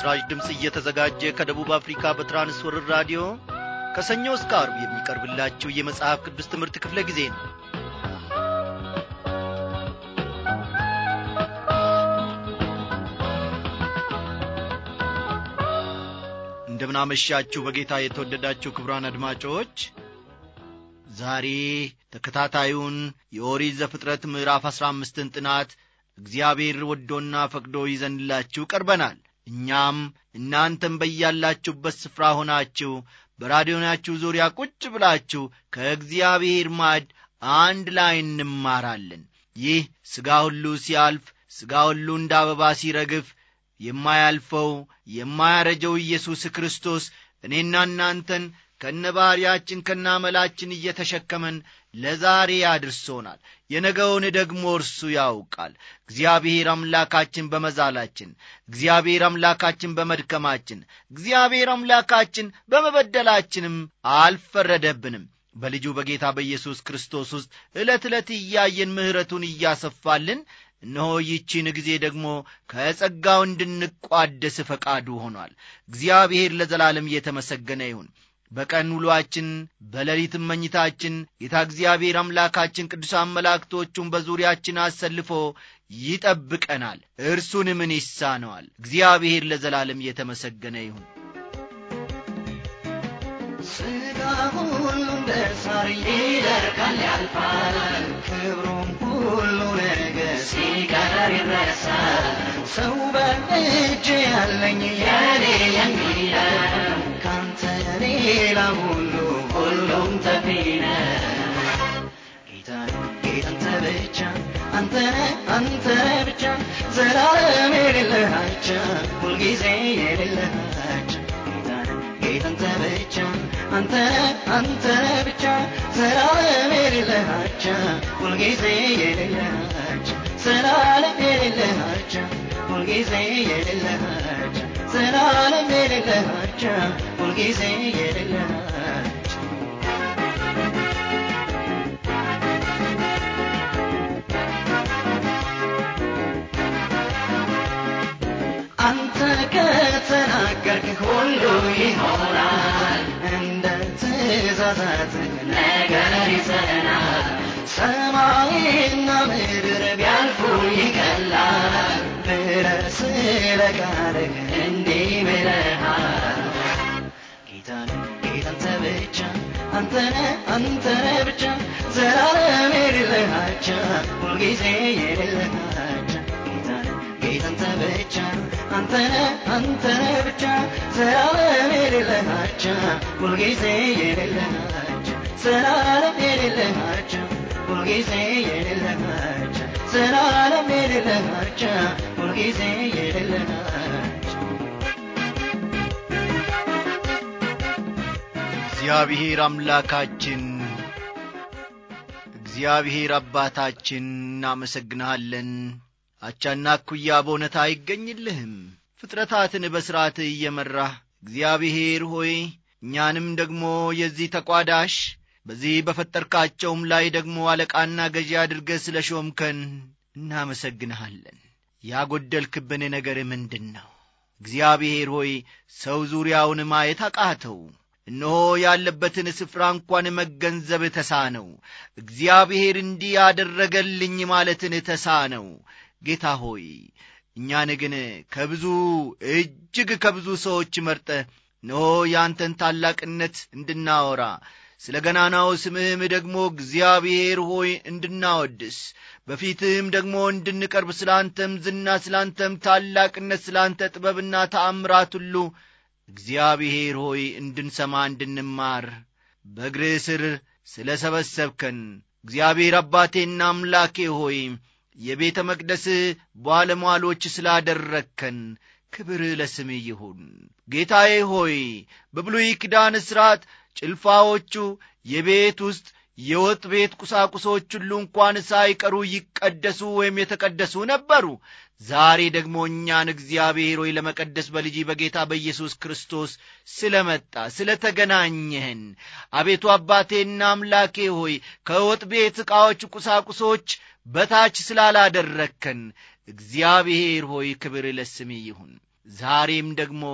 ለምስራች ድምፅ እየተዘጋጀ ከደቡብ አፍሪካ በትራንስወርር ራዲዮ ከሰኞ እስከ አርብ የሚቀርብላችሁ የመጽሐፍ ቅዱስ ትምህርት ክፍለ ጊዜ ነው እንደምናመሻችሁ በጌታ የተወደዳችሁ ክብራን አድማጮች ዛሬ ተከታታዩን የኦሪት ዘፍጥረት ምዕራፍ አሥራ አምስትን ጥናት እግዚአብሔር ወዶና ፈቅዶ ይዘንላችሁ ቀርበናል እኛም እናንተም በያላችሁበት ስፍራ ሆናችሁ በራዲዮናችሁ ዙሪያ ቁጭ ብላችሁ ከእግዚአብሔር ማድ አንድ ላይ እንማራለን። ይህ ሥጋ ሁሉ ሲያልፍ፣ ሥጋ ሁሉ እንደ አበባ ሲረግፍ የማያልፈው የማያረጀው ኢየሱስ ክርስቶስ እኔና እናንተን ከነ ባሪያችን ከነ አመላችን እየተሸከመን ለዛሬ አድርሶናል። የነገውን ደግሞ እርሱ ያውቃል። እግዚአብሔር አምላካችን በመዛላችን፣ እግዚአብሔር አምላካችን በመድከማችን፣ እግዚአብሔር አምላካችን በመበደላችንም አልፈረደብንም። በልጁ በጌታ በኢየሱስ ክርስቶስ ውስጥ ዕለት ዕለት እያየን ምሕረቱን እያሰፋልን እነሆ ይቺን ጊዜ ደግሞ ከጸጋው እንድንቋደስ ፈቃዱ ሆኗል። እግዚአብሔር ለዘላለም እየተመሰገነ ይሁን። በቀን ውሏችን በሌሊትም መኝታችን ጌታ እግዚአብሔር አምላካችን ቅዱሳን መላእክቶቹን በዙሪያችን አሰልፎ ይጠብቀናል። እርሱን ምን ይሳነዋል? እግዚአብሔር ለዘላለም እየተመሰገነ ይሁን። ሥጋ ሁሉ እንደ ሳር ይደርቃል፣ ያልፋል። ክብሩም ሁሉ ሲቀር ይረሳል። ሰው በእጅ ያለኝ የኔ የሚለው ለሁሉ ሁሉም ተፊነ ጌታ ጌታ አንተ ብቻ አንተ አንተ ብቻ ዘላለም የሌለህ አንተ ሁልጊዜ የሌለህ ጌታ አንተ ብቻ አንተ አንተ ብቻ ዘላለም የሌለህ አንተ ሁልጊዜ የሌለህ አንተ ዘላለም የሌለህ አንተ ሁልጊዜ የሌለህ አንተ ዘላለም የሌለህ አንተ ሁልጊዜ የደላች አንተ ከተናገርክ ሁሉ ይሆናል እንደ ትእዛዛት ነገር ይዘናል ሰማይና ምድር ቢያልፉ ይቀላል ብረ ስለ ቃልህ እንዲህ ብለሃል አንተነ አንተነ ብቻ ዘላለም የሌለናቻ ሁልጊዜ የሌለናቻ ጌታነ ጌታንተ ብቻ አንተነ አንተነ ብቻ ዘላለም የሌለናቻ ሁልጊዜ የሌለናቻ ዘላለም የሌለናቻ ሁልጊዜ የሌለናቻ ዘላለም የሌለናቻ ሁልጊዜ የሌለናቻ እግዚአብሔር አምላካችን እግዚአብሔር አባታችን እናመሰግንሃለን አቻና ኩያ በእውነት አይገኝልህም ፍጥረታትን በሥርዓት እየመራህ እግዚአብሔር ሆይ እኛንም ደግሞ የዚህ ተቋዳሽ በዚህ በፈጠርካቸውም ላይ ደግሞ አለቃና ገዢ አድርገ ስለ ሾምከን እናመሰግንሃለን ያጐደልክብን ነገር ምንድን ነው እግዚአብሔር ሆይ ሰው ዙሪያውን ማየት አቃተው እነሆ ያለበትን ስፍራ እንኳን መገንዘብ ተሳነው። እግዚአብሔር እንዲህ ያደረገልኝ ማለትን ተሳነው። ጌታ ሆይ እኛን ግን ከብዙ እጅግ ከብዙ ሰዎች መርጠ እነሆ ያንተን ታላቅነት እንድናወራ ስለ ገናናው ስምህም ደግሞ እግዚአብሔር ሆይ እንድናወድስ በፊትህም ደግሞ እንድንቀርብ ስለ አንተም ዝና፣ ስለ አንተም ታላቅነት፣ ስለ አንተ ጥበብና ተአምራት ሁሉ እግዚአብሔር ሆይ እንድንሰማ እንድንማር በእግርህ ስር ስለ ሰበሰብከን እግዚአብሔር አባቴና አምላኬ ሆይ የቤተ መቅደስህ ባለሟሎች ስላደረግከን ክብር ለስም ይሁን። ጌታዬ ሆይ በብሉይ ኪዳን ሥርዓት ጭልፋዎቹ የቤት ውስጥ የወጥ ቤት ቁሳቁሶች ሁሉ እንኳን ሳይቀሩ ይቀደሱ ወይም የተቀደሱ ነበሩ። ዛሬ ደግሞ እኛን እግዚአብሔር ሆይ ለመቀደስ በልጅ በጌታ በኢየሱስ ክርስቶስ ስለ መጣ ስለ ተገናኘህን አቤቱ አባቴና አምላኬ ሆይ ከወጥ ቤት ዕቃዎች ቁሳቁሶች በታች ስላላደረግከን እግዚአብሔር ሆይ ክብር ለስሜ ይሁን። ዛሬም ደግሞ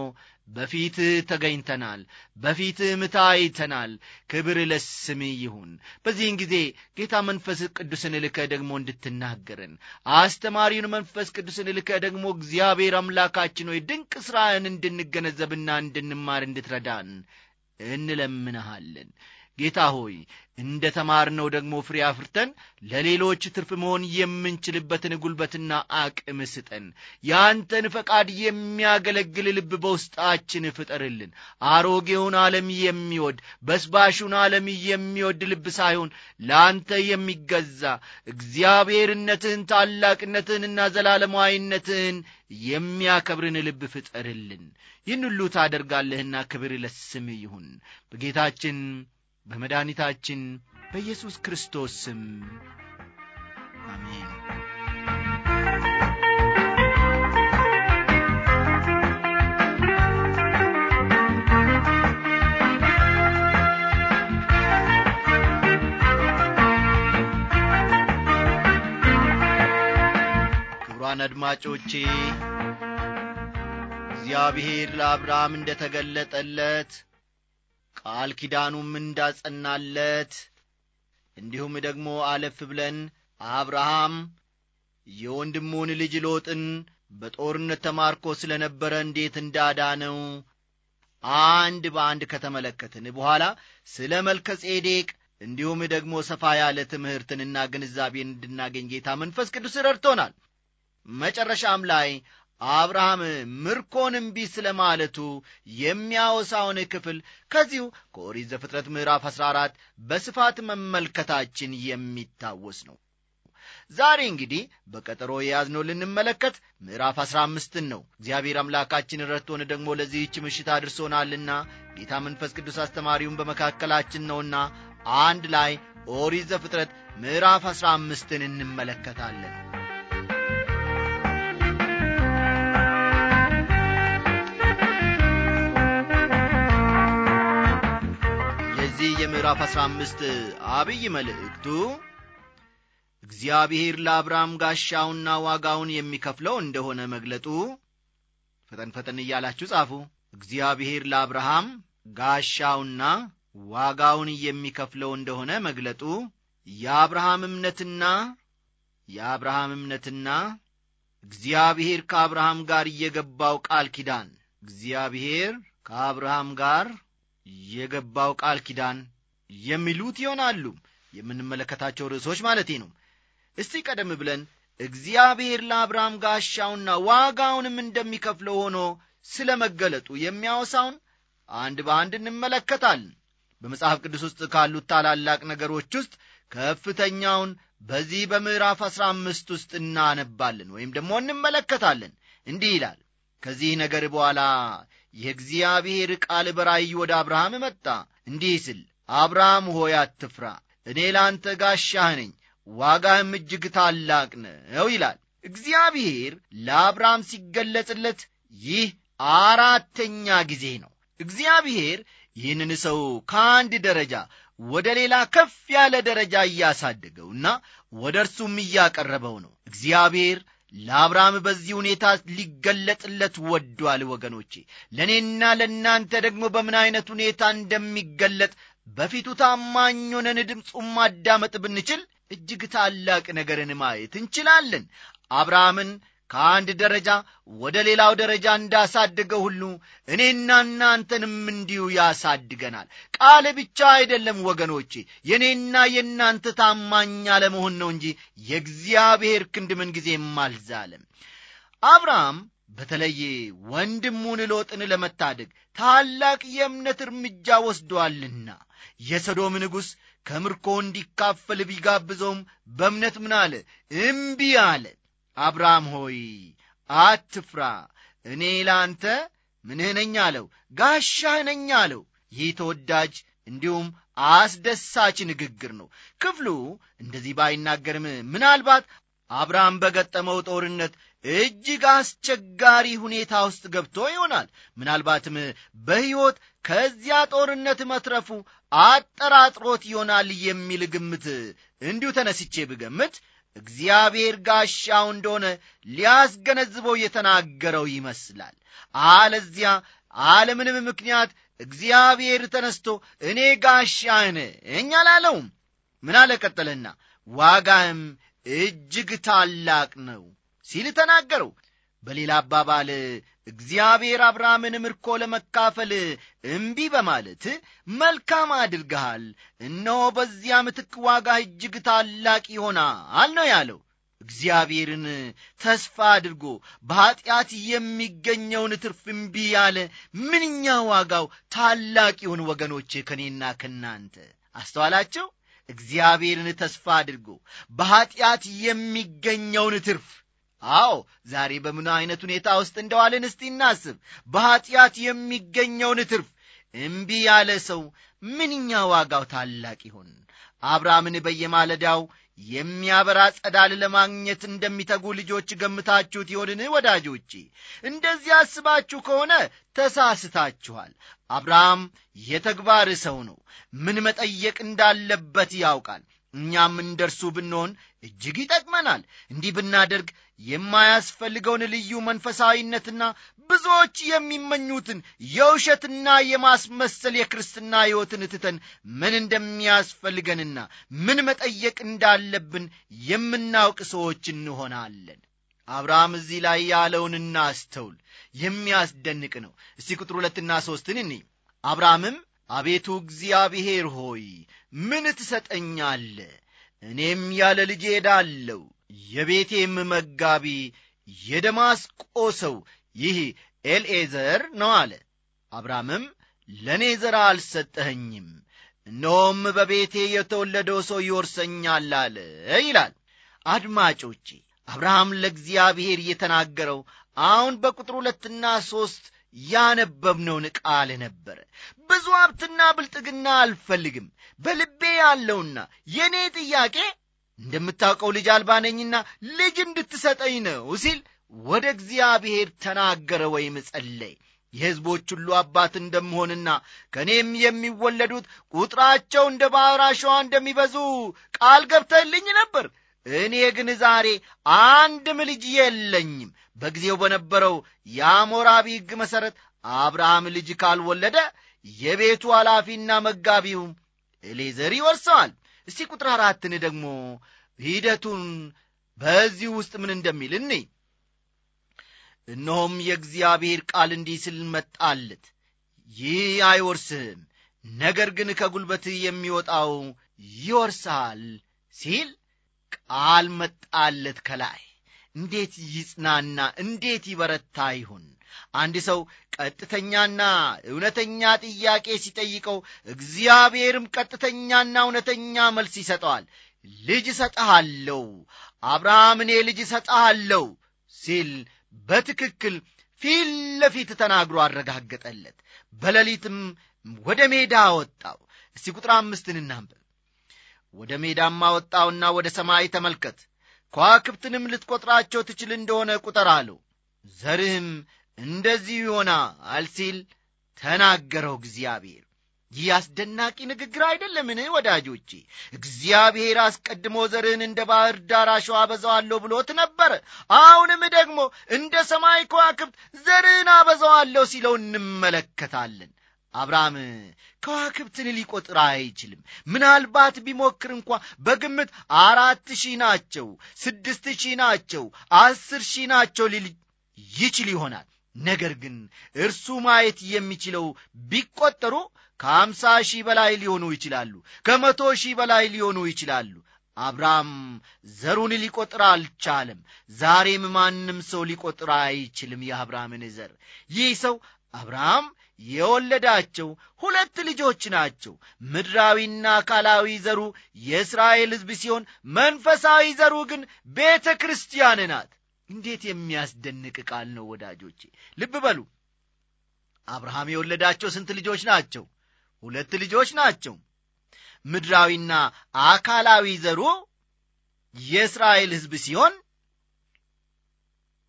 በፊትህ ተገኝተናል፣ በፊትህም ታይተናል። ክብር ለስም ይሁን። በዚህን ጊዜ ጌታ መንፈስ ቅዱስን ልከ ደግሞ እንድትናገርን አስተማሪውን መንፈስ ቅዱስን ልከ ደግሞ እግዚአብሔር አምላካችን ሆይ ድንቅ ሥራህን እንድንገነዘብና እንድንማር እንድትረዳን እንለምንሃለን። ጌታ ሆይ እንደ ተማርነው ደግሞ ፍሬ አፍርተን ለሌሎች ትርፍ መሆን የምንችልበትን ጉልበትና አቅም ስጠን። ያንተን ፈቃድ የሚያገለግል ልብ በውስጣችን ፍጠርልን። አሮጌውን ዓለም የሚወድ በስባሹን ዓለም የሚወድ ልብ ሳይሆን ለአንተ የሚገዛ እግዚአብሔርነትህን፣ ታላቅነትህንና ዘላለማዊነትህን የሚያከብርን ልብ ፍጠርልን። ይህን ሁሉ ታደርጋለህና ክብር ለስም ይሁን በጌታችን በመድኃኒታችን በኢየሱስ ክርስቶስ ስም አሜን። ክቡራን አድማጮቼ እግዚአብሔር ለአብርሃም እንደ ተገለጠለት ቃል ኪዳኑም እንዳጸናለት እንዲሁም ደግሞ አለፍ ብለን አብርሃም የወንድሙን ልጅ ሎጥን በጦርነት ተማርኮ ስለ ነበረ እንዴት እንዳዳነው አንድ በአንድ ከተመለከትን በኋላ ስለ መልከ ጼዴቅ እንዲሁም ደግሞ ሰፋ ያለ ትምህርትንና ግንዛቤን እንድናገኝ ጌታ መንፈስ ቅዱስ ረድቶናል። መጨረሻም ላይ አብርሃም ምርኮን እምቢ ስለ ማለቱ የሚያወሳውን ክፍል ከዚሁ ከኦሪት ዘፍጥረት ምዕራፍ 14 በስፋት መመልከታችን የሚታወስ ነው። ዛሬ እንግዲህ በቀጠሮ የያዝነው ልንመለከት ምዕራፍ አሥራ አምስትን ነው። እግዚአብሔር አምላካችን ረድቶን ደግሞ ለዚህች ምሽት አድርሶናልና ጌታ መንፈስ ቅዱስ አስተማሪውን በመካከላችን ነውና አንድ ላይ ኦሪት ዘፍጥረት ምዕራፍ አሥራ አምስትን እንመለከታለን። ምዕራፍ 15 አብይ መልእክቱ እግዚአብሔር ለአብርሃም ጋሻውና ዋጋውን የሚከፍለው እንደሆነ መግለጡ ፈጠን ፈጠን እያላችሁ ጻፉ እግዚአብሔር ለአብርሃም ጋሻውና ዋጋውን የሚከፍለው እንደሆነ መግለጡ የአብርሃም እምነትና የአብርሃም እምነትና እግዚአብሔር ከአብርሃም ጋር የገባው ቃል ኪዳን እግዚአብሔር ከአብርሃም ጋር የገባው ቃል ኪዳን የሚሉት ይሆናሉ የምንመለከታቸው ርዕሶች ማለቴ ነው እስቲ ቀደም ብለን እግዚአብሔር ለአብርሃም ጋሻውና ዋጋውንም እንደሚከፍለው ሆኖ ስለ መገለጡ የሚያወሳውን አንድ በአንድ እንመለከታለን በመጽሐፍ ቅዱስ ውስጥ ካሉት ታላላቅ ነገሮች ውስጥ ከፍተኛውን በዚህ በምዕራፍ አሥራ አምስት ውስጥ እናነባለን ወይም ደግሞ እንመለከታለን እንዲህ ይላል ከዚህ ነገር በኋላ የእግዚአብሔር ቃል በራይ ወደ አብርሃም መጣ እንዲህ ስል አብርሃም ሆይ አትፍራ፣ እኔ ለአንተ ጋሻህ ነኝ፣ ዋጋህም እጅግ ታላቅ ነው ይላል። እግዚአብሔር ለአብርሃም ሲገለጽለት ይህ አራተኛ ጊዜ ነው። እግዚአብሔር ይህንን ሰው ከአንድ ደረጃ ወደ ሌላ ከፍ ያለ ደረጃ እያሳደገውና ወደ እርሱም እያቀረበው ነው። እግዚአብሔር ለአብርሃም በዚህ ሁኔታ ሊገለጽለት ወዷል። ወገኖቼ፣ ለእኔና ለእናንተ ደግሞ በምን አይነት ሁኔታ እንደሚገለጥ በፊቱ ታማኝ ሆነን ድምፁን ማዳመጥ ብንችል እጅግ ታላቅ ነገርን ማየት እንችላለን። አብርሃምን ከአንድ ደረጃ ወደ ሌላው ደረጃ እንዳሳደገ ሁሉ እኔና እናንተንም እንዲሁ ያሳድገናል። ቃል ብቻ አይደለም ወገኖቼ፣ የእኔና የእናንተ ታማኝ አለመሆን ነው እንጂ የእግዚአብሔር ክንድ ምንጊዜም አልዛለም። አብርሃም በተለይ ወንድሙን ሎጥን ለመታደግ ታላቅ የእምነት እርምጃ ወስዶአልና የሰዶም ንጉሥ ከምርኮ እንዲካፈል ቢጋብዘውም በእምነት ምን አለ? እምቢ አለ። አብርሃም ሆይ አትፍራ፣ እኔ ለአንተ ምንህ አለው፣ ጋሻህ አለው። ይህ ተወዳጅ እንዲሁም አስደሳች ንግግር ነው። ክፍሉ እንደዚህ ባይናገርም ምናልባት አብርሃም በገጠመው ጦርነት እጅግ አስቸጋሪ ሁኔታ ውስጥ ገብቶ ይሆናል። ምናልባትም በሕይወት ከዚያ ጦርነት መትረፉ አጠራጥሮት ይሆናል የሚል ግምት እንዲሁ ተነስቼ ብገምት እግዚአብሔር ጋሻው እንደሆነ ሊያስገነዝበው የተናገረው ይመስላል። አለዚያ አለምንም ምክንያት እግዚአብሔር ተነስቶ እኔ ጋሻህ ነኝ አላለውም። ምን አለ ቀጠለና ዋጋህም እጅግ ታላቅ ነው ሲል ተናገረው። በሌላ አባባል እግዚአብሔር አብርሃምን ምርኮ ለመካፈል እምቢ በማለት መልካም አድርገሃል፣ እነሆ በዚያ ምትክ ዋጋ እጅግ ታላቅ ይሆናል ነው ያለው። እግዚአብሔርን ተስፋ አድርጎ በኀጢአት የሚገኘውን ትርፍ እምቢ ያለ ምንኛ ዋጋው ታላቅ ይሁን! ወገኖቼ ከእኔና ከእናንተ አስተዋላቸው። እግዚአብሔርን ተስፋ አድርጎ በኀጢአት የሚገኘውን ትርፍ አዎ ዛሬ በምን አይነት ሁኔታ ውስጥ እንደዋልን እስቲ እናስብ። በኀጢአት የሚገኘውን ትርፍ እምቢ ያለ ሰው ምንኛ ዋጋው ታላቅ ይሆን። አብርሃምን በየማለዳው የሚያበራ ጸዳል ለማግኘት እንደሚተጉ ልጆች ገምታችሁት ይሆንን? ወዳጆቼ እንደዚህ አስባችሁ ከሆነ ተሳስታችኋል። አብርሃም የተግባር ሰው ነው። ምን መጠየቅ እንዳለበት ያውቃል። እኛም እንደርሱ ብንሆን እጅግ ይጠቅመናል። እንዲህ ብናደርግ የማያስፈልገውን ልዩ መንፈሳዊነትና ብዙዎች የሚመኙትን የውሸትና የማስመሰል የክርስትና ሕይወትን ትተን ምን እንደሚያስፈልገንና ምን መጠየቅ እንዳለብን የምናውቅ ሰዎች እንሆናለን። አብርሃም እዚህ ላይ ያለውን እናስተውል። የሚያስደንቅ ነው። እስቲ ቁጥር ሁለትና ሦስትን እኔ አብርሃምም አቤቱ እግዚአብሔር ሆይ ምን ትሰጠኛለ? እኔም ያለ ልጄ ሄዳለሁ፣ የቤቴም መጋቢ የደማስቆ ሰው ይህ ኤልኤዘር ነው አለ። አብርሃምም ለእኔ ዘር አልሰጠኸኝም፣ እነሆም በቤቴ የተወለደው ሰው ይወርሰኛል አለ ይላል። አድማጮቼ አብርሃም ለእግዚአብሔር የተናገረው አሁን በቁጥር ሁለትና ሦስት ያነበብነውን ቃል ነበረ። ብዙ ሀብትና ብልጥግና አልፈልግም። በልቤ ያለውና የእኔ ጥያቄ እንደምታውቀው ልጅ አልባ ነኝና ልጅ እንድትሰጠኝ ነው ሲል ወደ እግዚአብሔር ተናገረ ወይም ጸለይ። የሕዝቦች ሁሉ አባት እንደምሆንና ከእኔም የሚወለዱት ቁጥራቸው እንደ ባሕር አሸዋ እንደሚበዙ ቃል ገብተልኝ ነበር። እኔ ግን ዛሬ አንድም ልጅ የለኝም በጊዜው በነበረው የአሞራቢ ሕግ መሠረት አብርሃም ልጅ ካልወለደ የቤቱ ኃላፊና መጋቢውም ኤሌዘር ይወርሰዋል። እስቲ ቁጥር አራትን ደግሞ ሂደቱን በዚህ ውስጥ ምን እንደሚል እንይ። እነሆም የእግዚአብሔር ቃል እንዲህ ስል መጣለት፣ ይህ አይወርስህም፣ ነገር ግን ከጉልበትህ የሚወጣው ይወርሳል ሲል ቃል መጣለት ከላይ እንዴት ይጽናና፣ እንዴት ይበረታ ይሁን አንድ ሰው ቀጥተኛና እውነተኛ ጥያቄ ሲጠይቀው እግዚአብሔርም ቀጥተኛና እውነተኛ መልስ ይሰጠዋል። ልጅ እሰጥሃለሁ፣ አብርሃም እኔ ልጅ እሰጥሃለሁ ሲል በትክክል ፊት ለፊት ተናግሮ አረጋገጠለት። በሌሊትም ወደ ሜዳ አወጣው። እስቲ ቁጥር አምስትን እናንብብ። ወደ ሜዳም አወጣውና ወደ ሰማይ ተመልከት ከዋክብትንም ልትቈጥራቸው ትችል እንደሆነ ቁጠር አለው። ዘርህም እንደዚሁ ይሆናል ሲል ተናገረው እግዚአብሔር። ይህ አስደናቂ ንግግር አይደለምን ወዳጆቼ? እግዚአብሔር አስቀድሞ ዘርህን እንደ ባሕር ዳር አሸዋ አበዛዋለሁ ብሎት ነበረ። አሁንም ደግሞ እንደ ሰማይ ከዋክብት ዘርህን አበዛዋለሁ ሲለው እንመለከታለን። አብርሃም ከዋክብትን ሊቆጥር አይችልም። ምናልባት ቢሞክር እንኳ በግምት አራት ሺህ ናቸው፣ ስድስት ሺህ ናቸው፣ አስር ሺህ ናቸው ሊል ይችል ይሆናል። ነገር ግን እርሱ ማየት የሚችለው ቢቆጠሩ ከአምሳ ሺህ በላይ ሊሆኑ ይችላሉ፣ ከመቶ ሺህ በላይ ሊሆኑ ይችላሉ። አብርሃም ዘሩን ሊቆጥር አልቻለም። ዛሬም ማንም ሰው ሊቆጥር አይችልም የአብርሃምን ዘር። ይህ ሰው አብርሃም የወለዳቸው ሁለት ልጆች ናቸው። ምድራዊና አካላዊ ዘሩ የእስራኤል ሕዝብ ሲሆን መንፈሳዊ ዘሩ ግን ቤተ ክርስቲያን ናት። እንዴት የሚያስደንቅ ቃል ነው ወዳጆቼ! ልብ በሉ። አብርሃም የወለዳቸው ስንት ልጆች ናቸው? ሁለት ልጆች ናቸው። ምድራዊና አካላዊ ዘሩ የእስራኤል ሕዝብ ሲሆን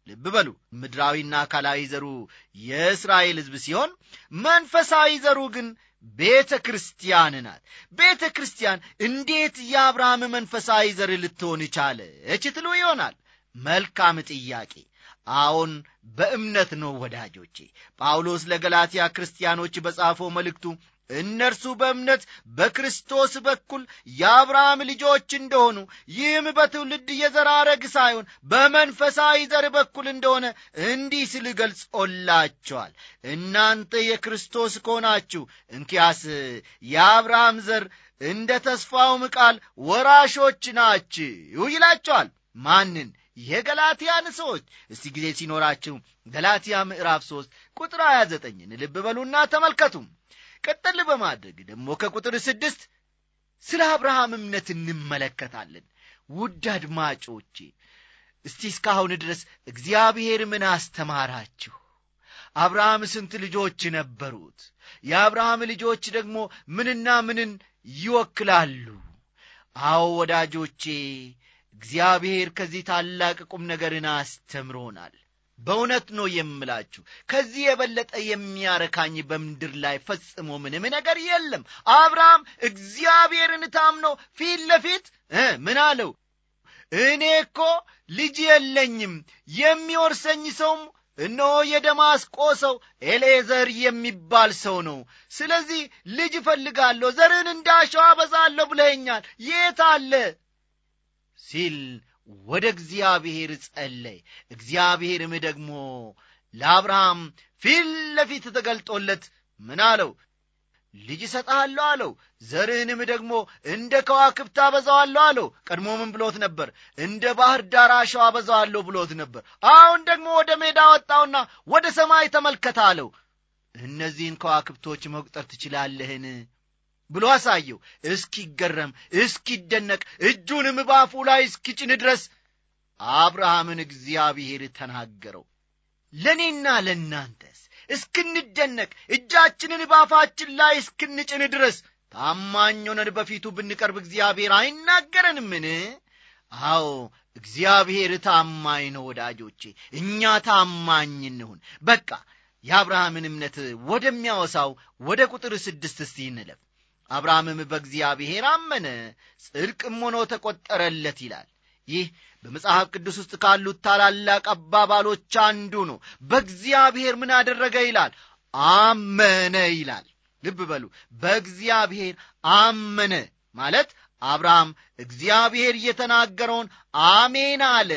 ልብ በሉ ምድራዊና አካላዊ ዘሩ የእስራኤል ሕዝብ ሲሆን መንፈሳዊ ዘሩ ግን ቤተ ክርስቲያን ናት። ቤተ ክርስቲያን እንዴት የአብርሃም መንፈሳዊ ዘር ልትሆን ቻለች ትሉ ይሆናል። መልካም ጥያቄ። አዎን በእምነት ነው ወዳጆቼ። ጳውሎስ ለገላትያ ክርስቲያኖች በጻፈው መልእክቱ እነርሱ በእምነት በክርስቶስ በኩል የአብርሃም ልጆች እንደሆኑ ይህም በትውልድ የዘራረግ ሳይሆን በመንፈሳዊ ዘር በኩል እንደሆነ እንዲህ ስል ገልጾላቸዋል። እናንተ የክርስቶስ ከሆናችሁ እንኪያስ የአብርሃም ዘር እንደ ተስፋውም ቃል ወራሾች ናችሁ ይላቸዋል። ማንን? የገላትያን ሰዎች። እስቲ ጊዜ ሲኖራችሁ ገላትያ ምዕራፍ 3 ቁጥር 29 ልብ በሉና ተመልከቱም። ቀጠል በማድረግ ደግሞ ከቁጥር ስድስት ስለ አብርሃም እምነት እንመለከታለን። ውድ አድማጮቼ እስቲ እስካሁን ድረስ እግዚአብሔር ምን አስተማራችሁ? አብርሃም ስንት ልጆች ነበሩት? የአብርሃም ልጆች ደግሞ ምንና ምንን ይወክላሉ? አዎ ወዳጆቼ፣ እግዚአብሔር ከዚህ ታላቅ ቁም ነገርን አስተምሮናል። በእውነት ነው የምላችሁ ከዚህ የበለጠ የሚያረካኝ በምድር ላይ ፈጽሞ ምንም ነገር የለም አብርሃም እግዚአብሔርን ታምኖ ፊት ለፊት ምን አለው እኔ እኮ ልጅ የለኝም የሚወርሰኝ ሰውም እነሆ የደማስቆ ሰው ኤሌዘር የሚባል ሰው ነው ስለዚህ ልጅ እፈልጋለሁ ዘርን እንዳሸዋ በዛለሁ ብለኛል የት አለ ሲል ወደ እግዚአብሔር ጸለይ። እግዚአብሔርም ደግሞ ለአብርሃም ፊት ለፊት ተገልጦለት ምን አለው? ልጅ እሰጥሃለሁ አለው። ዘርህንም ደግሞ እንደ ከዋክብት አበዛዋለሁ አለው። ቀድሞ ምን ብሎት ነበር? እንደ ባህር ዳር አሸዋ አበዛዋለሁ ብሎት ነበር። አሁን ደግሞ ወደ ሜዳ ወጣውና ወደ ሰማይ ተመልከታ አለው። እነዚህን ከዋክብቶች መቁጠር ትችላለህን ብሎ አሳየው። እስኪገረም እስኪደነቅ፣ እጁንም ባፉ ላይ እስኪጭን ድረስ አብርሃምን እግዚአብሔር ተናገረው። ለእኔና ለእናንተስ እስክንደነቅ እጃችንን ባፋችን ላይ እስክንጭን ድረስ ታማኝ ሆነን በፊቱ ብንቀርብ እግዚአብሔር አይናገረንምን? አዎ እግዚአብሔር ታማኝ ነው። ወዳጆቼ እኛ ታማኝ እንሁን። በቃ የአብርሃምን እምነት ወደሚያወሳው ወደ ቁጥር ስድስት እስቲ እንለፍ። አብርሃምም በእግዚአብሔር አመነ ጽድቅም ሆኖ ተቆጠረለት ይላል ይህ በመጽሐፍ ቅዱስ ውስጥ ካሉት ታላላቅ አባባሎች አንዱ ነው በእግዚአብሔር ምን አደረገ ይላል አመነ ይላል ልብ በሉ በእግዚአብሔር አመነ ማለት አብርሃም እግዚአብሔር እየተናገረውን አሜን አለ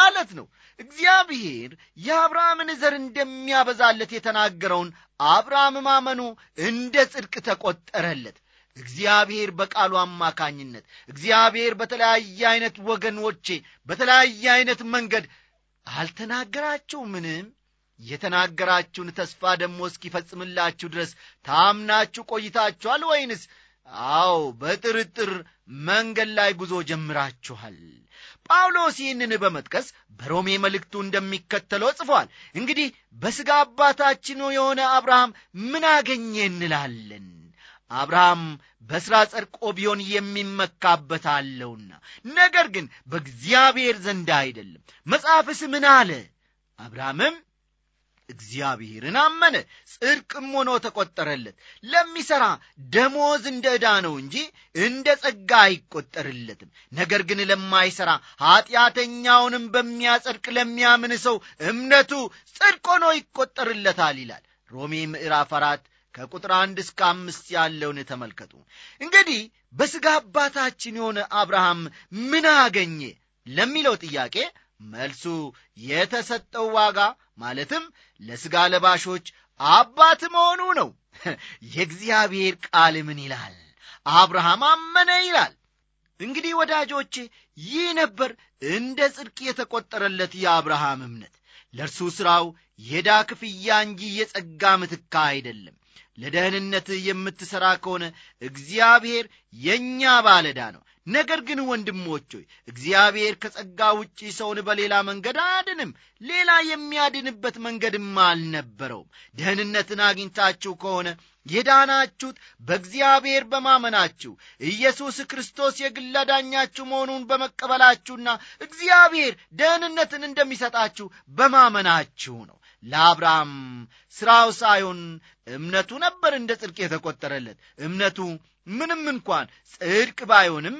ማለት ነው እግዚአብሔር የአብርሃምን ዘር እንደሚያበዛለት የተናገረውን አብርሃም ማመኑ እንደ ጽድቅ ተቆጠረለት እግዚአብሔር በቃሉ አማካኝነት እግዚአብሔር በተለያየ አይነት ወገኖቼ በተለያየ አይነት መንገድ ምንም የተናገራችሁን ተስፋ ደግሞ እስኪፈጽምላችሁ ድረስ ታምናችሁ ቆይታችኋል ወይንስ አዎ በጥርጥር መንገድ ላይ ጉዞ ጀምራችኋል ጳውሎስ ይህንን በመጥቀስ በሮሜ መልእክቱ እንደሚከተለው ጽፏል እንግዲህ በሥጋ አባታችን የሆነ አብርሃም ምን አገኘ እንላለን አብርሃም በሥራ ጸድቆ ቢሆን የሚመካበት አለውና፣ ነገር ግን በእግዚአብሔር ዘንድ አይደለም። መጽሐፍስ ምን አለ? አብርሃምም እግዚአብሔርን አመነ፣ ጽድቅም ሆኖ ተቆጠረለት። ለሚሠራ ደሞዝ እንደ ዕዳ ነው እንጂ እንደ ጸጋ አይቈጠርለትም። ነገር ግን ለማይሠራ ኀጢአተኛውንም በሚያጸድቅ ለሚያምን ሰው እምነቱ ጽድቅ ሆኖ ይቈጠርለታል ይላል ሮሜ ምዕራፍ አራት ከቁጥር አንድ እስከ አምስት ያለውን ተመልከቱ። እንግዲህ በሥጋ አባታችን የሆነ አብርሃም ምን አገኘ ለሚለው ጥያቄ መልሱ የተሰጠው ዋጋ ማለትም ለሥጋ ለባሾች አባት መሆኑ ነው። የእግዚአብሔር ቃል ምን ይላል? አብርሃም አመነ ይላል። እንግዲህ ወዳጆቼ ይህ ነበር እንደ ጽድቅ የተቆጠረለት የአብርሃም እምነት። ለእርሱ ሥራው የዳ ክፍያ እንጂ የጸጋ ምትካ አይደለም። ለደህንነትህ የምትሠራ ከሆነ እግዚአብሔር የእኛ ባለዳ ነው። ነገር ግን ወንድሞች ሆይ እግዚአብሔር ከጸጋ ውጪ ሰውን በሌላ መንገድ አያድንም። ሌላ የሚያድንበት መንገድም አልነበረውም። ደህንነትን አግኝታችሁ ከሆነ የዳናችሁት በእግዚአብሔር በማመናችሁ ኢየሱስ ክርስቶስ የግል አዳኛችሁ መሆኑን በመቀበላችሁና እግዚአብሔር ደህንነትን እንደሚሰጣችሁ በማመናችሁ ነው። ለአብርሃም ሥራው ሳይሆን እምነቱ ነበር እንደ ጽድቅ የተቆጠረለት። እምነቱ ምንም እንኳን ጽድቅ ባይሆንም፣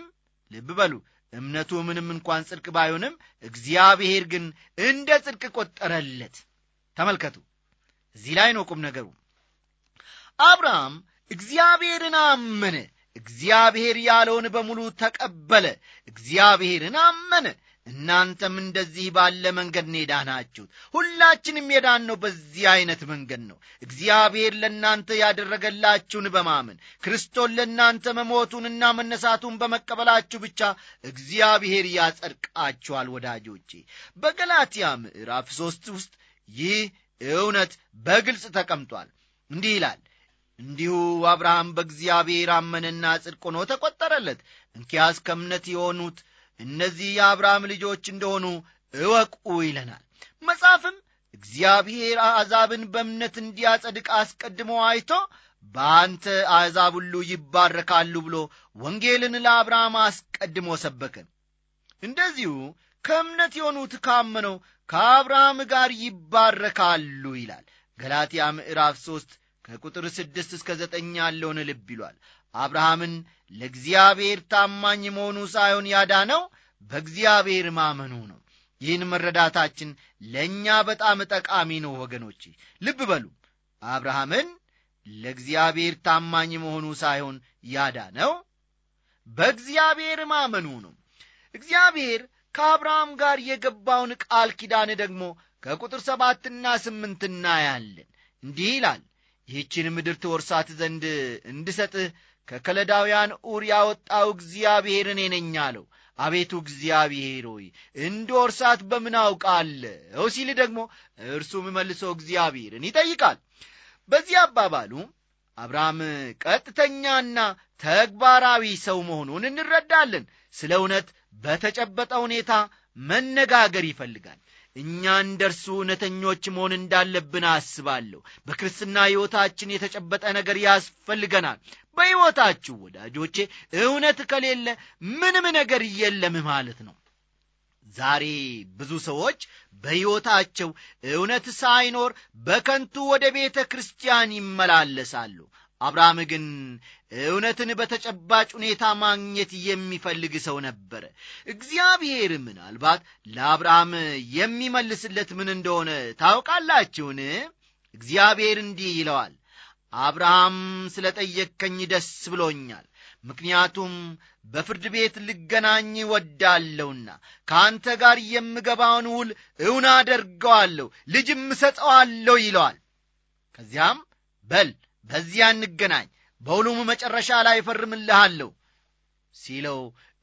ልብ በሉ፣ እምነቱ ምንም እንኳን ጽድቅ ባይሆንም እግዚአብሔር ግን እንደ ጽድቅ ቆጠረለት። ተመልከቱ፣ እዚህ ላይ ነው ቁም ነገሩ። አብርሃም እግዚአብሔርን አመነ። እግዚአብሔር ያለውን በሙሉ ተቀበለ። እግዚአብሔርን አመነ። እናንተም እንደዚህ ባለ መንገድ ኔዳ የዳናችሁት። ሁላችንም ነው በዚህ አይነት መንገድ ነው። እግዚአብሔር ለእናንተ ያደረገላችሁን በማመን ክርስቶስ ለእናንተ መሞቱንና መነሳቱን በመቀበላችሁ ብቻ እግዚአብሔር ያጸድቃችኋል። ወዳጆቼ በገላትያ ምዕራፍ ሦስት ውስጥ ይህ እውነት በግልጽ ተቀምጧል። እንዲህ ይላል እንዲሁ አብርሃም በእግዚአብሔር አመነና ጽድቅ ሆኖ ተቈጠረለት። እንኪያስ ከእምነት የሆኑት እነዚህ የአብርሃም ልጆች እንደሆኑ እወቁ ይለናል መጽሐፍም እግዚአብሔር አሕዛብን በእምነት እንዲያጸድቅ አስቀድሞ አይቶ በአንተ አሕዛብ ሁሉ ይባረካሉ ብሎ ወንጌልን ለአብርሃም አስቀድሞ ሰበከ እንደዚሁ ከእምነት የሆኑት ካመነው ከአብርሃም ጋር ይባረካሉ ይላል ገላትያ ምዕራፍ 3 ከቁጥር ስድስት እስከ ዘጠኝ ያለውን ልብ ይሏል አብርሃምን ለእግዚአብሔር ታማኝ መሆኑ ሳይሆን ያዳነው በእግዚአብሔር ማመኑ ነው። ይህን መረዳታችን ለእኛ በጣም ጠቃሚ ነው። ወገኖቼ ልብ በሉ፣ አብርሃምን ለእግዚአብሔር ታማኝ መሆኑ ሳይሆን ያዳነው በእግዚአብሔር ማመኑ ነው። እግዚአብሔር ከአብርሃም ጋር የገባውን ቃል ኪዳን ደግሞ ከቁጥር ሰባትና ስምንት እናያለን። እንዲህ ይላል፣ ይህችን ምድር ትወርሳት ዘንድ እንድሰጥህ ከከለዳውያን ኡር ያወጣው እግዚአብሔር እኔ ነኝ አለው። አቤቱ እግዚአብሔር ሆይ እንዶርሳት በምን አውቃለሁ ሲል ደግሞ እርሱ መልሶ እግዚአብሔርን ይጠይቃል። በዚህ አባባሉ አብርሃም ቀጥተኛና ተግባራዊ ሰው መሆኑን እንረዳለን። ስለ እውነት በተጨበጠ ሁኔታ መነጋገር ይፈልጋል። እኛ እንደ እርሱ እውነተኞች መሆን እንዳለብን አስባለሁ። በክርስትና ሕይወታችን የተጨበጠ ነገር ያስፈልገናል። በሕይወታችሁ ወዳጆቼ እውነት ከሌለ ምንም ነገር የለም ማለት ነው። ዛሬ ብዙ ሰዎች በሕይወታቸው እውነት ሳይኖር በከንቱ ወደ ቤተ ክርስቲያን ይመላለሳሉ። አብርሃም ግን እውነትን በተጨባጭ ሁኔታ ማግኘት የሚፈልግ ሰው ነበረ። እግዚአብሔር ምናልባት ለአብርሃም የሚመልስለት ምን እንደሆነ ታውቃላችሁን? እግዚአብሔር እንዲህ ይለዋል አብርሃም ስለ ጠየከኝ ደስ ብሎኛል፣ ምክንያቱም በፍርድ ቤት ልገናኝ ወዳለውና ከአንተ ጋር የምገባውን ውል እውን አደርገዋለሁ፣ ልጅም እሰጠዋለሁ ይለዋል። ከዚያም በል በዚያ እንገናኝ፣ በውሉም መጨረሻ ላይ ፈርምልሃለሁ ሲለው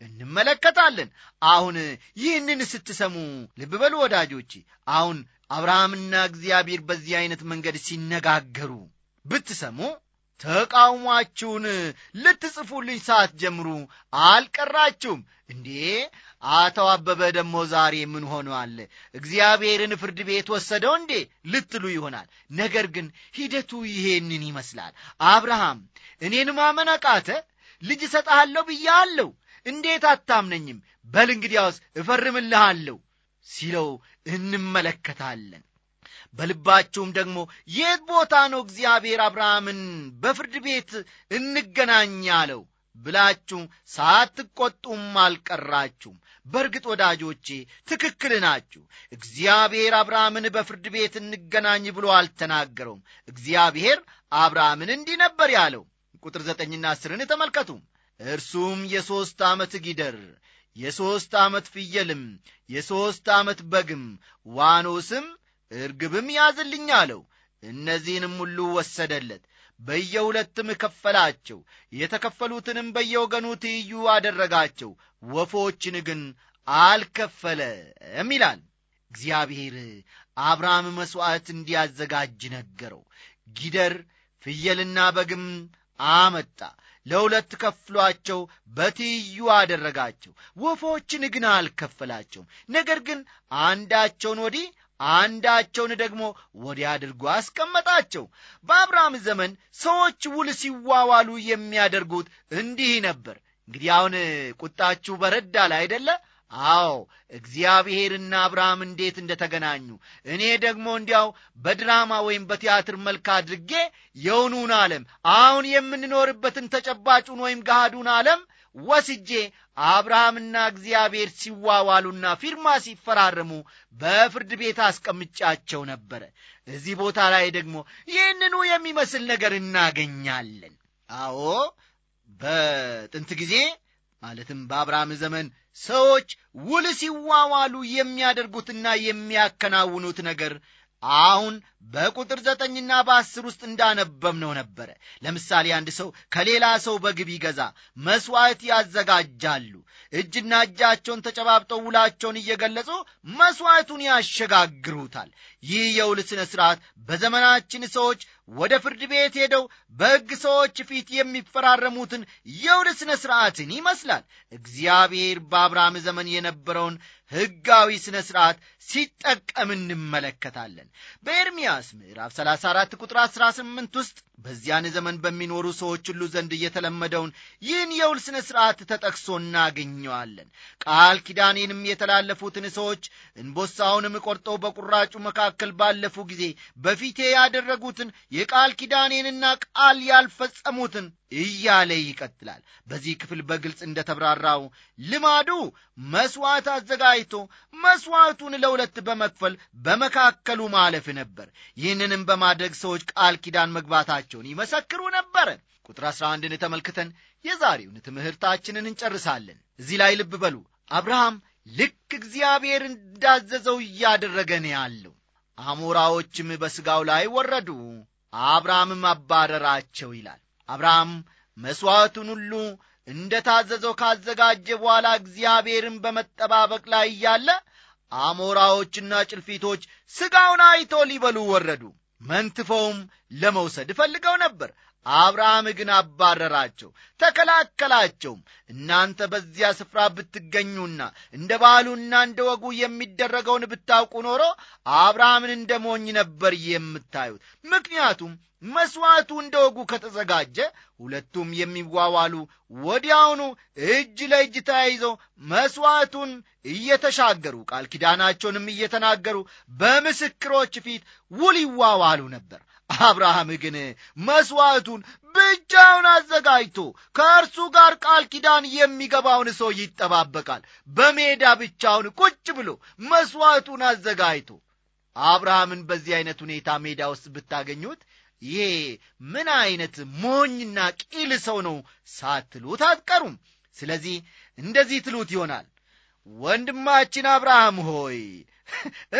እንመለከታለን። አሁን ይህንን ስትሰሙ ልብ በሉ ወዳጆቼ። አሁን አብርሃምና እግዚአብሔር በዚህ አይነት መንገድ ሲነጋገሩ ብትሰሙ ተቃውሟችሁን ልትጽፉልኝ ሳትጀምሩ አልቀራችሁም እንዴ አቶ አበበ ደግሞ ዛሬ ምን ሆነዋል እግዚአብሔርን ፍርድ ቤት ወሰደው እንዴ ልትሉ ይሆናል ነገር ግን ሂደቱ ይሄንን ይመስላል አብርሃም እኔን ማመን አቃተ ልጅ እሰጠሃለሁ ብያለሁ እንዴት አታምነኝም በል እንግዲያውስ እፈርምልሃለሁ ሲለው እንመለከታለን በልባችሁም ደግሞ የት ቦታ ነው እግዚአብሔር አብርሃምን በፍርድ ቤት እንገናኝ አለው ብላችሁ ሳትቈጡም አልቀራችሁም። በእርግጥ ወዳጆቼ ትክክል ናችሁ። እግዚአብሔር አብርሃምን በፍርድ ቤት እንገናኝ ብሎ አልተናገረውም። እግዚአብሔር አብርሃምን እንዲህ ነበር ያለው። ቁጥር ዘጠኝና ስርን ተመልከቱ። እርሱም የሦስት ዓመት ጊደር የሦስት ዓመት ፍየልም የሦስት ዓመት በግም ዋኖስም እርግብም ያዝልኝ አለው። እነዚህንም ሁሉ ወሰደለት፣ በየሁለትም ከፈላቸው። የተከፈሉትንም በየወገኑ ትይዩ አደረጋቸው፣ ወፎችን ግን አልከፈለም ይላል። እግዚአብሔር አብርሃም መሥዋዕት እንዲያዘጋጅ ነገረው። ጊደር ፍየልና በግም አመጣ። ለሁለት ከፍሏቸው በትይዩ አደረጋቸው። ወፎችን ግን አልከፈላቸውም። ነገር ግን አንዳቸውን ወዲህ አንዳቸውን ደግሞ ወዲያ አድርጎ አስቀመጣቸው። በአብርሃም ዘመን ሰዎች ውል ሲዋዋሉ የሚያደርጉት እንዲህ ነበር። እንግዲህ አሁን ቁጣችሁ በረዳ ላይ አይደለ? አዎ እግዚአብሔርና አብርሃም እንዴት እንደተገናኙ እኔ ደግሞ እንዲያው በድራማ ወይም በቲያትር መልክ አድርጌ የውኑን ዓለም አሁን የምንኖርበትን ተጨባጩን ወይም ገሃዱን ዓለም ወስጄ አብርሃምና እግዚአብሔር ሲዋዋሉና ፊርማ ሲፈራረሙ በፍርድ ቤት አስቀምጫቸው ነበረ። እዚህ ቦታ ላይ ደግሞ ይህንኑ የሚመስል ነገር እናገኛለን። አዎ በጥንት ጊዜ ማለትም በአብርሃም ዘመን ሰዎች ውል ሲዋዋሉ የሚያደርጉትና የሚያከናውኑት ነገር አሁን በቁጥር ዘጠኝና በአስር ውስጥ እንዳነበብነው ነበረ። ለምሳሌ አንድ ሰው ከሌላ ሰው በግብ ይገዛ መሥዋዕት ያዘጋጃሉ። እጅና እጃቸውን ተጨባብጠው ውላቸውን እየገለጹ መሥዋዕቱን ያሸጋግሩታል። ይህ የውል ሥነ ሥርዓት በዘመናችን ሰዎች ወደ ፍርድ ቤት ሄደው በሕግ ሰዎች ፊት የሚፈራረሙትን የውል ሥነ ሥርዓትን ይመስላል። እግዚአብሔር በአብርሃም ዘመን የነበረውን ሕጋዊ ሥነ ሥርዓት ሲጠቀም እንመለከታለን። በኤርምያስ ምዕራፍ 34 ቁጥር 18 ውስጥ በዚያን ዘመን በሚኖሩ ሰዎች ሁሉ ዘንድ እየተለመደውን ይህን የውል ሥነ ሥርዓት ተጠቅሶ እናገኘዋለን። ቃል ኪዳኔንም የተላለፉትን ሰዎች እንቦሳውንም ቆርጠው በቁራጩ መካከል ባለፉ ጊዜ በፊቴ ያደረጉትን የቃል ኪዳኔንና ቃል ያልፈጸሙትን እያለ ይቀጥላል። በዚህ ክፍል በግልጽ እንደተብራራው ልማዱ መሥዋዕት አዘጋጅቶ መሥዋዕቱን ለሁለት በመክፈል በመካከሉ ማለፍ ነበር። ይህንንም በማድረግ ሰዎች ቃል ኪዳን መግባታቸው መሆናቸውን ይመሰክሩ ነበር። ቁጥር 11 አንድን ተመልክተን የዛሬውን ትምህርታችንን እንጨርሳለን። እዚህ ላይ ልብ በሉ። አብርሃም ልክ እግዚአብሔር እንዳዘዘው እያደረገን ያለው። አሞራዎችም በሥጋው ላይ ወረዱ፣ አብርሃምም አባረራቸው ይላል። አብርሃም መሥዋዕቱን ሁሉ እንደ ታዘዘው ካዘጋጀ በኋላ እግዚአብሔርን በመጠባበቅ ላይ እያለ አሞራዎችና ጭልፊቶች ሥጋውን አይቶ ሊበሉ ወረዱ። መንትፈውም ለመውሰድ እፈልገው ነበር። አብርሃም ግን አባረራቸው፣ ተከላከላቸውም። እናንተ በዚያ ስፍራ ብትገኙና እንደ ባህሉና እንደ ወጉ የሚደረገውን ብታውቁ ኖሮ አብርሃምን እንደ ሞኝ ነበር የምታዩት። ምክንያቱም መሥዋዕቱ እንደ ወጉ ከተዘጋጀ ሁለቱም የሚዋዋሉ ወዲያውኑ እጅ ለእጅ ተያይዘው መሥዋዕቱን እየተሻገሩ ቃል ኪዳናቸውንም እየተናገሩ በምስክሮች ፊት ውል ይዋዋሉ ነበር። አብርሃም ግን መሥዋዕቱን ብቻውን አዘጋጅቶ ከእርሱ ጋር ቃል ኪዳን የሚገባውን ሰው ይጠባበቃል። በሜዳ ብቻውን ቁጭ ብሎ መሥዋዕቱን አዘጋጅቶ አብርሃምን በዚህ ዐይነት ሁኔታ ሜዳ ውስጥ ብታገኙት ይሄ ምን አይነት ሞኝና ቂል ሰው ነው ሳትሉት አትቀሩም። ስለዚህ እንደዚህ ትሉት ይሆናል ወንድማችን አብርሃም ሆይ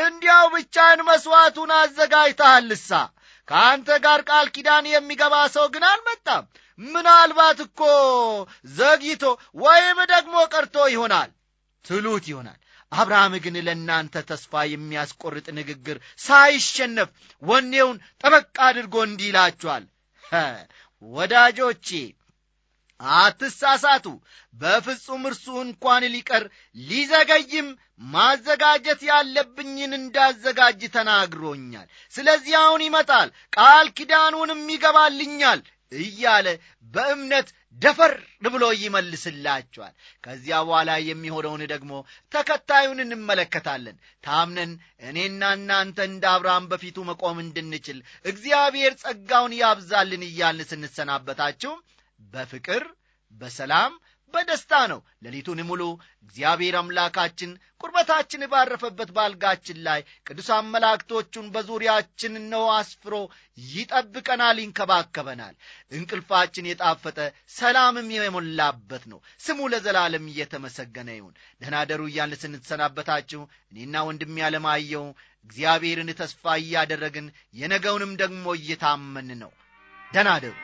እንዲያው ብቻን መሥዋዕቱን አዘጋጅተሃልሳ ከአንተ ጋር ቃል ኪዳን የሚገባ ሰው ግን አልመጣም። ምናልባት እኮ ዘግይቶ ወይም ደግሞ ቀርቶ ይሆናል ትሉት ይሆናል። አብርሃም ግን ለእናንተ ተስፋ የሚያስቆርጥ ንግግር ሳይሸነፍ ወኔውን ጠበቃ አድርጎ እንዲህ ይላችኋል ወዳጆቼ አትሳሳቱ በፍጹም እርሱ እንኳን ሊቀር ሊዘገይም ማዘጋጀት ያለብኝን እንዳዘጋጅ ተናግሮኛል ስለዚህ አሁን ይመጣል ቃል ኪዳኑንም ይገባልኛል እያለ በእምነት ደፈር ብሎ ይመልስላቸዋል። ከዚያ በኋላ የሚሆነውን ደግሞ ተከታዩን እንመለከታለን። ታምነን እኔና እናንተ እንደ አብርሃም በፊቱ መቆም እንድንችል እግዚአብሔር ጸጋውን ያብዛልን እያልን ስንሰናበታችሁ በፍቅር በሰላም በደስታ ነው ሌሊቱን ሙሉ እግዚአብሔር አምላካችን ቁርበታችን ባረፈበት ባልጋችን ላይ ቅዱሳን መላእክቶቹን በዙሪያችን ነው አስፍሮ ይጠብቀናል፣ ይንከባከበናል። እንቅልፋችን የጣፈጠ ሰላምም የሞላበት ነው። ስሙ ለዘላለም እየተመሰገነ ይሁን። ደህና ደሩ እያን ስንሰናበታችሁ እኔና ወንድም ያለማየው እግዚአብሔርን ተስፋ እያደረግን የነገውንም ደግሞ እየታመን ነው። ደህና ደሩ።